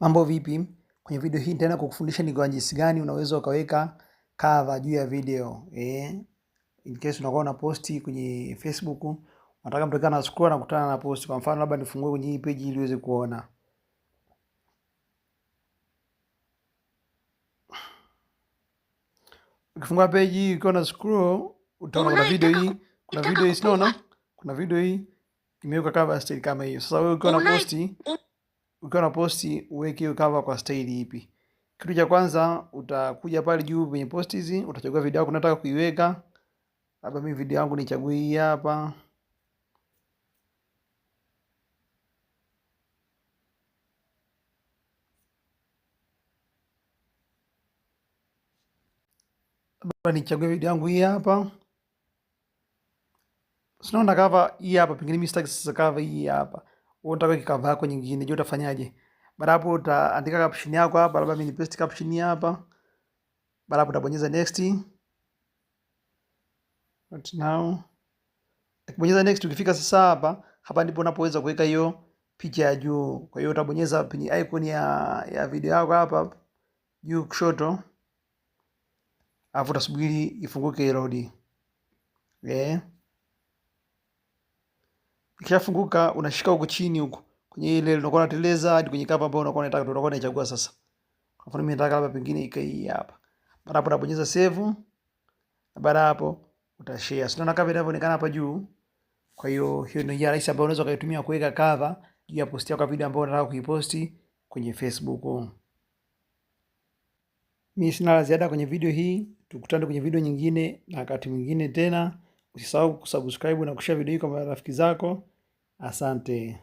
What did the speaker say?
Mambo vipi? Kwenye video hii nitaenda kukufundisha ni kwa jinsi gani unaweza ukaweka cover juu ya video. Eh, in case unakuwa una post kwenye Facebook, unataka mtu kana scroll na kukutana na post. Kwa mfano labda nifungue kwenye hii page ili uweze kuona. Ukifungua page hii ukiwa na scroll utaona kuna video hii, kuna video hii sinaona, kuna video hii imeweka cover style kama hiyo. Sasa wewe ukiwa na post ukiwa na posti uweke hiyo cover kwa staili ipi. Kitu cha kwanza utakuja pale juu kwenye posti hizi, utachagua video yako unataka kuiweka. Labda mimi video yangu nichague hii hapa. Labda nichague video yangu hii hapa. Sinaona cover hii hapa, pengine mimi sitaki sasa cover hii hapa unataka kikava yako nyingine, je, utafanyaje? Baada hapo utaandika caption yako hapa, labda mimi ni paste caption hapa. Baada hapo utabonyeza next. But now. Ukibonyeza next, ukifika sasa hapa, hapa ndipo unapoweza kuweka hiyo picha ya juu. Kwa hiyo utabonyeza penye icon ya ya video yako hapa juu kushoto, alafu utasubiri ifunguke irudi. Eh, yeah. Ikishafunguka unashika huko chini huko kwenye ile unakuwa unateleza hadi kwenye kapa ambayo unakuwa unataka unakuwa unaichagua sasa. Kwa mfano mimi nataka labda pengine ikae hii hapa. Baada hapo unabonyeza save. na Baada hapo utashare. Sio na kapa inavyoonekana hapa juu. Kwa hiyo hiyo ni njia rahisi ambayo unaweza kuitumia kuweka cover juu ya posti yako video ambayo unataka kuiposti kwenye Facebook. Mimi sina la ziada kwenye video hii. Tukutane kwenye video nyingine na wakati mwingine tena. Usisahau kusubscribe na kushare video hii kwa marafiki zako. Asante.